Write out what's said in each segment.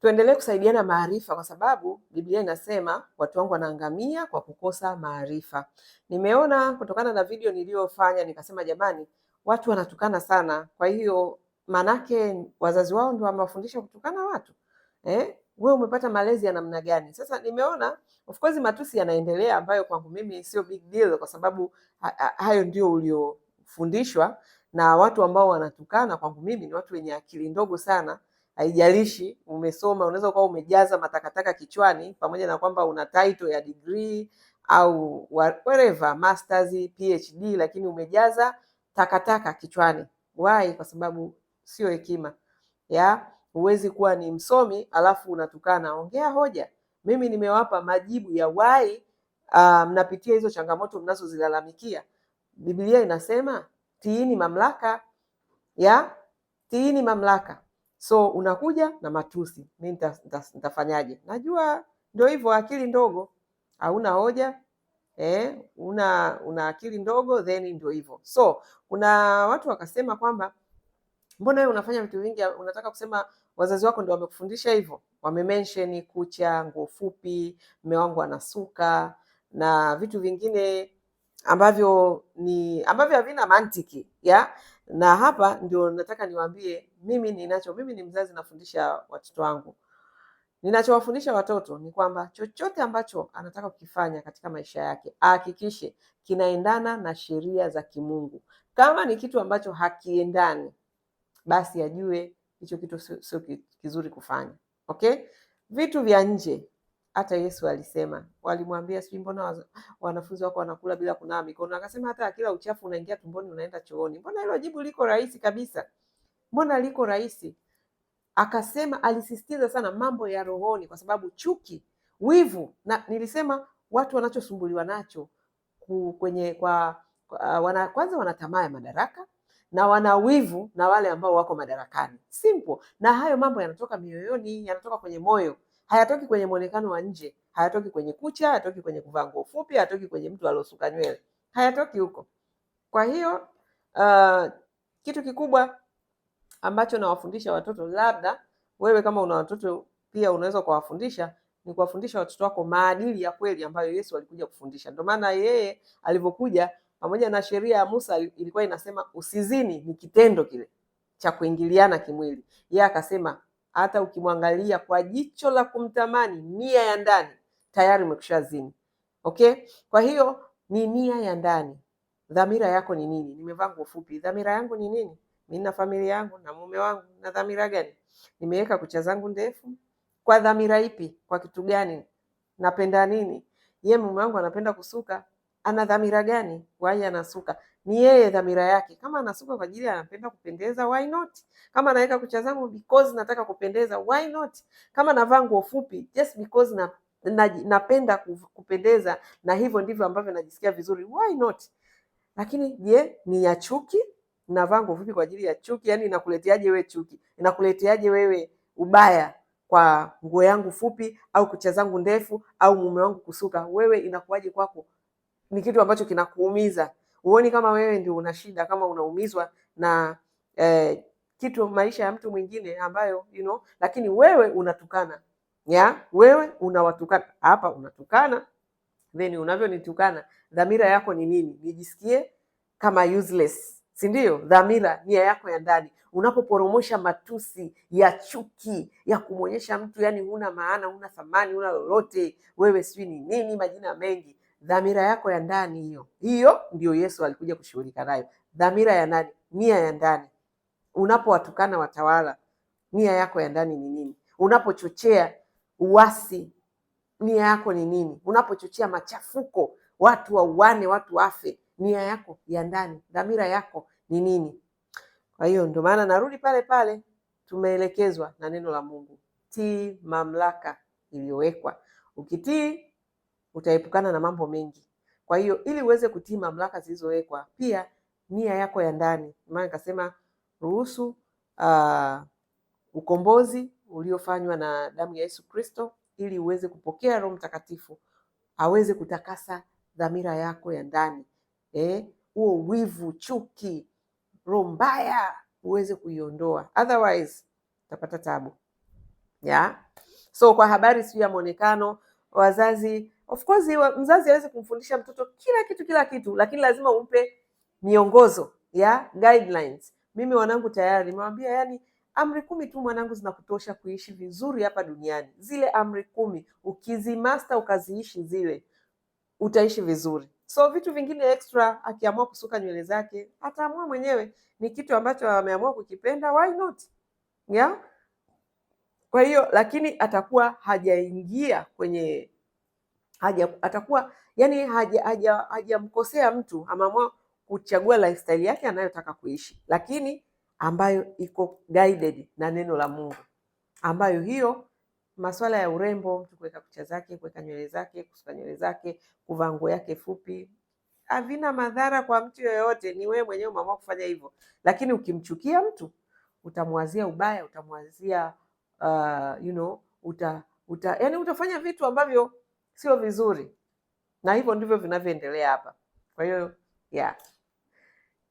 Tuendelee kusaidiana maarifa, kwa sababu Biblia inasema watu wangu wanaangamia kwa kukosa maarifa. Nimeona kutokana na video niliyofanya, nikasema jamani, watu wanatukana sana, kwa hiyo maanake wazazi wao ndio wamewafundisha kutukana watu eh? Wewe umepata malezi ya namna gani? Sasa nimeona of course matusi yanaendelea, ambayo kwangu mimi sio big deal, kwa sababu hayo ndio uliofundishwa, na watu ambao wanatukana kwangu mimi ni watu wenye akili ndogo sana haijalishi umesoma, unaweza ukawa umejaza matakataka kichwani, pamoja na kwamba una title ya degree au whatever, masters, PhD, lakini umejaza takataka kichwani. Why? Kwa sababu sio hekima ya huwezi kuwa ni msomi alafu unatukana. Ongea hoja. Mimi nimewapa majibu ya why ah, mnapitia hizo changamoto mnazozilalamikia. Biblia inasema tiini mamlaka ya tiini mamlaka So unakuja na matusi, mi nitafanyaje? Najua ndio hivyo, akili ndogo, hauna hoja eh, una una akili ndogo, then ndio hivyo. So kuna watu wakasema kwamba mbona wewe unafanya vitu vingi, unataka kusema wazazi wako ndio wamekufundisha hivyo? Wamemensheni kucha, nguo fupi, mme wangu anasuka na vitu vingine ambavyo ni ambavyo havina mantiki ya na hapa ndio nataka niwaambie, mimi ninacho, mimi ni mzazi, nafundisha watoto wangu. Ninachowafundisha watoto ni kwamba chochote ambacho anataka kukifanya katika maisha yake ahakikishe kinaendana na sheria za kimungu. Kama ni kitu ambacho hakiendani, basi ajue hicho kitu sio kizuri kufanya. Okay, vitu vya nje hata Yesu alisema, walimwambia sijui mbona wanafunzi wako wanakula bila kunawa mikono? Akasema hata kila uchafu unaingia tumboni unaenda chooni. Mbona hilo jibu liko rahisi kabisa, mbona liko rahisi? Akasema, alisisitiza sana mambo ya rohoni, kwa sababu chuki, wivu na nilisema watu wanachosumbuliwa nacho kwenye kwa, kwa uh, wana, kwanza wana tamaa ya madaraka na wana wivu na wale ambao wako madarakani. Simple. Na hayo mambo yanatoka mioyoni, yanatoka kwenye moyo hayatoki kwenye mwonekano wa nje, hayatoki kwenye kucha, hayatoki kwenye kuvaa nguo fupi, hayatoki kwenye mtu aliosuka nywele, hayatoki huko. Kwa hiyo uh, kitu kikubwa ambacho nawafundisha watoto, labda wewe kama una watoto pia unaweza kuwafundisha, ni kuwafundisha watoto wako maadili ya kweli ambayo Yesu alikuja kufundisha. Ndio maana yeye alivyokuja, pamoja na sheria ya Musa ilikuwa inasema usizini, ni kitendo kile cha kuingiliana kimwili, yeye akasema hata ukimwangalia kwa jicho la kumtamani, nia ya ndani tayari umekushazini. Okay, kwa hiyo ni nia ya ndani. Dhamira yako ni nini? Nimevaa nguo fupi, dhamira yangu ni nini? Mimi na familia yangu na mume wangu, na dhamira gani? Nimeweka kucha zangu ndefu kwa dhamira ipi? Kwa kitu gani? Napenda nini? Ye mume wangu anapenda kusuka, ana dhamira gani? Wai anasuka ni yeye dhamira yake. Kama anasuka kwa ajili anapenda kupendeza, why not? Kama anaweka kucha zangu because nataka kupendeza, why not? Kama navaa nguo fupi just because na, na, napenda kupendeza na hivyo ndivyo ambavyo najisikia vizuri, why not? Lakini je, ni ya chuki? Navaa nguo fupi kwa ajili ya chuki? Yani inakuleteaje wewe chuki? Inakuleteaje wewe ubaya kwa nguo yangu fupi au kucha zangu ndefu au mume wangu kusuka? Wewe inakuwaje kwako? ni kitu ambacho kinakuumiza. Huoni kama wewe ndio una shida, kama unaumizwa na eh, kitu maisha ya mtu mwingine ambayo you know, lakini wewe unatukana ya wewe unawatukana hapa, unatukana then unavyonitukana, dhamira yako ni nini? Nijisikie kama useless, si ndio? Dhamira, nia yako ya ndani, unapoporomosha matusi ya chuki ya kumwonyesha mtu, yani huna maana, huna thamani, huna lolote, wewe sijui ni nini, majina mengi dhamira yako ya ndani hiyo hiyo, ndio Yesu alikuja kushughulika nayo. Dhamira ya ndani, nia ya ndani. Unapowatukana watawala, nia yako ya ndani ni nini? Unapochochea uasi, nia yako ni nini? Unapochochea machafuko, watu wauane, watu wafe, nia yako ya ndani, dhamira yako ni nini? Kwa hiyo ndio maana narudi pale pale, tumeelekezwa na neno la Mungu, tii mamlaka iliyowekwa. Ukitii utaepukana na mambo mengi. Kwa hiyo ili uweze kutii mamlaka zilizowekwa, pia nia yako ya ndani, maana kasema ruhusu uh, ukombozi uliofanywa na damu ya Yesu Kristo, ili uweze kupokea Roho Mtakatifu aweze kutakasa dhamira yako ya ndani eh, huo eh, wivu, chuki, roho mbaya uweze kuiondoa, otherwise utapata tabu ya yeah. So kwa habari sijui ya mwonekano, wazazi Of course mzazi hawezi kumfundisha mtoto kila kitu kila kitu, lakini lazima umpe miongozo ya guidelines. Mimi wanangu tayari nimewambia, yani amri kumi tu mwanangu zinakutosha kuishi vizuri hapa duniani. Zile amri kumi ukizimasta ukaziishi zile, utaishi vizuri. So vitu vingine extra, akiamua kusuka nywele zake ataamua mwenyewe, ni kitu ambacho ameamua kukipenda, why not yeah? Kwa hiyo lakini atakuwa hajaingia kwenye haja atakuwa yani haja haja, haja mkosea mtu, ameamua kuchagua lifestyle yake anayotaka kuishi, lakini ambayo iko guided na neno la Mungu, ambayo hiyo masuala ya urembo, mtu kuweka kucha zake, kuweka nywele zake, kusuka nywele zake, kuvaa nguo yake fupi, havina madhara kwa mtu yoyote. Ni wewe mwenyewe umeamua kufanya hivyo, lakini ukimchukia mtu utamwazia ubaya, utamwazia uh, you know, uta, uta, yani utafanya vitu ambavyo sio vizuri, na hivyo ndivyo vinavyoendelea hapa. Kwa hiyo yeah,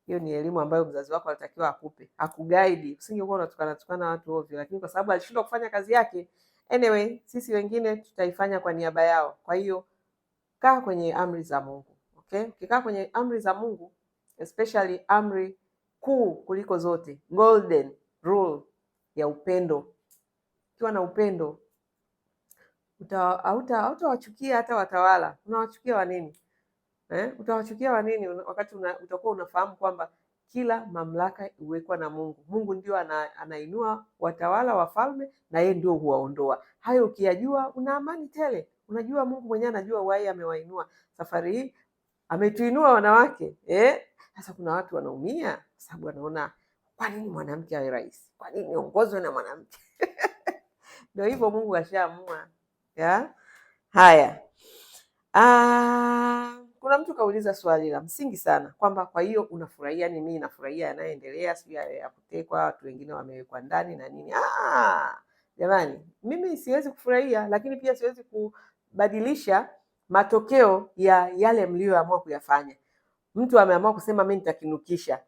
hiyo ni elimu ambayo mzazi wako alitakiwa akupe, akuguide. Usingekuwa unatukana tukana watu ovyo, lakini kwa sababu alishindwa kufanya kazi yake, anyway, sisi wengine tutaifanya kwa niaba yao. Kwa hiyo kaa kwenye amri za Mungu, okay? Ukikaa kwenye amri za Mungu, especially amri kuu kuliko zote, golden rule ya upendo, ukiwa na upendo Hautawachukia hata watawala. Unawachukia nini eh? Utawachukia nini wakati una, utakuwa unafahamu kwamba kila mamlaka iwekwa na Mungu. Mungu ndio ana, anainua watawala, wafalme na yeye ndio huwaondoa. Hayo ukiyajua una amani tele. Unajua Mungu mwenyewe anajua wai amewainua. Safari hii ametuinua wanawake eh? Sasa kuna watu wanaumia sababu wanaona kwa nini mwanamke awe rais? Kwa nini na mwanamke? Ndio hivyo Mungu ashaamua ya haya. Aa, ah, kuna mtu kauliza swali la msingi sana kwamba kwa hiyo unafurahia ni mimi nafurahia yanayoendelea, sijui ya kutekwa, watu wengine wamewekwa ndani na nini. Ah, jamani, mimi siwezi kufurahia, lakini pia siwezi kubadilisha matokeo ya yale mliyoamua kuyafanya. Mtu ameamua kusema mimi nitakinukisha.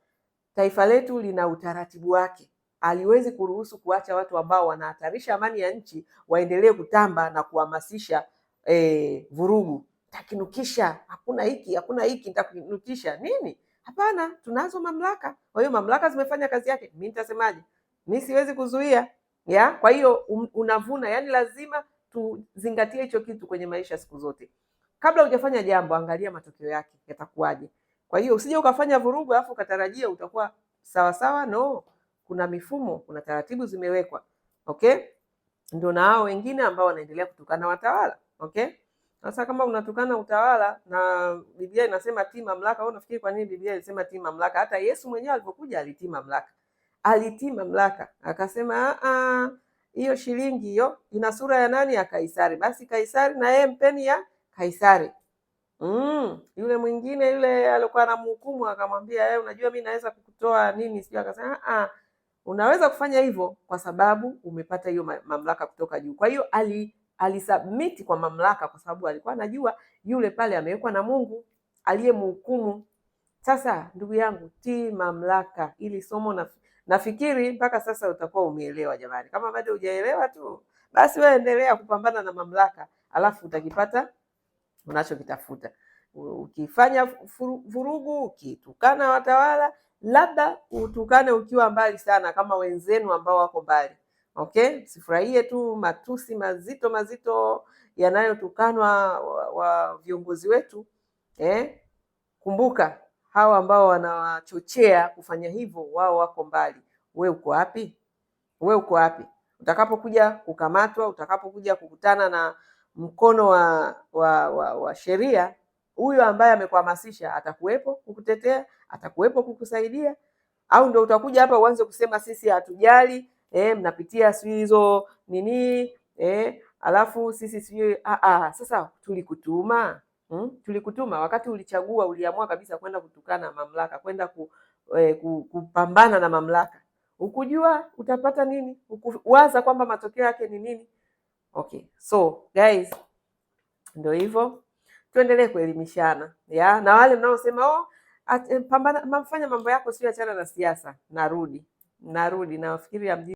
Taifa letu lina utaratibu wake aliwezi kuruhusu kuacha watu ambao wanahatarisha amani ya nchi waendelee kutamba na kuhamasisha e, vurugu. Takinukisha hakuna hiki hakuna hiki, nitakinukisha nini? Hapana, tunazo mamlaka. Kwa hiyo mamlaka zimefanya kazi yake, mi nitasemaje? Mi siwezi kuzuia ya. Kwa hiyo unavuna, yani lazima tuzingatie hicho kitu kwenye maisha siku zote. Kabla hujafanya jambo, angalia matokeo yake yatakuwaje. Kwa hiyo usije ukafanya vurugu alafu ukatarajia utakuwa sawasawa, no kuna mifumo, kuna taratibu zimewekwa, okay? Ndio na hao wengine ambao wanaendelea kutukana watawala, okay? Sasa kama unatukana utawala na Biblia inasema ti mamlaka, wewe unafikiri kwa nini Biblia inasema ti mamlaka? Hata Yesu mwenyewe alipokuja aliti mamlaka, aliti mamlaka akasema a ah, ah, hiyo shilingi hiyo ina sura ya nani? Ya Kaisari. Basi Kaisari na yeye mpeni ya Kaisari. Mm, yule mwingine yule alikuwa anamhukumu akamwambia, eh, unajua mimi naweza kukutoa nini sio? Akasema a ah, Unaweza kufanya hivyo kwa sababu umepata hiyo mamlaka kutoka juu. Kwa hiyo ali alisubmiti kwa mamlaka, kwa sababu alikuwa anajua yule pale amewekwa na Mungu aliyemhukumu. Sasa ndugu yangu, tii mamlaka. Ili somo na nafikiri mpaka sasa utakuwa umeelewa. Jamani, kama bado hujaelewa tu basi, wewe endelea kupambana na mamlaka, alafu utakipata unachokitafuta. Ukifanya vurugu, ukitukana watawala labda utukane ukiwa mbali sana kama wenzenu ambao wako mbali. Okay, sifurahie tu matusi mazito mazito yanayotukanwa wa, wa viongozi wetu eh? Kumbuka hawa ambao wanawachochea kufanya hivyo, wao wako mbali. We uko wapi? We uko wapi? Utakapokuja kukamatwa, utakapokuja kukutana na mkono wa, wa, wa, wa sheria, huyo ambaye amekuhamasisha atakuwepo kukutetea atakuwepo kukusaidia, au ndio utakuja hapa uanze kusema sisi hatujali eh, mnapitia sijui hizo nini eh, alafu sisi sijui ah, ah, sasa tulikutuma hmm? Tulikutuma wakati ulichagua, uliamua kabisa kwenda kutukana na mamlaka, kwenda ku, eh, kupambana na mamlaka, ukujua utapata nini, ukuwaza kwamba matokeo yake ni nini? Okay, so guys, ndio hivyo, tuendelee kuelimishana ya na wale mnaosema oh Eh, pambana, mafanya mambo yako, sio achana na siasa. Narudi narudi, nafikiri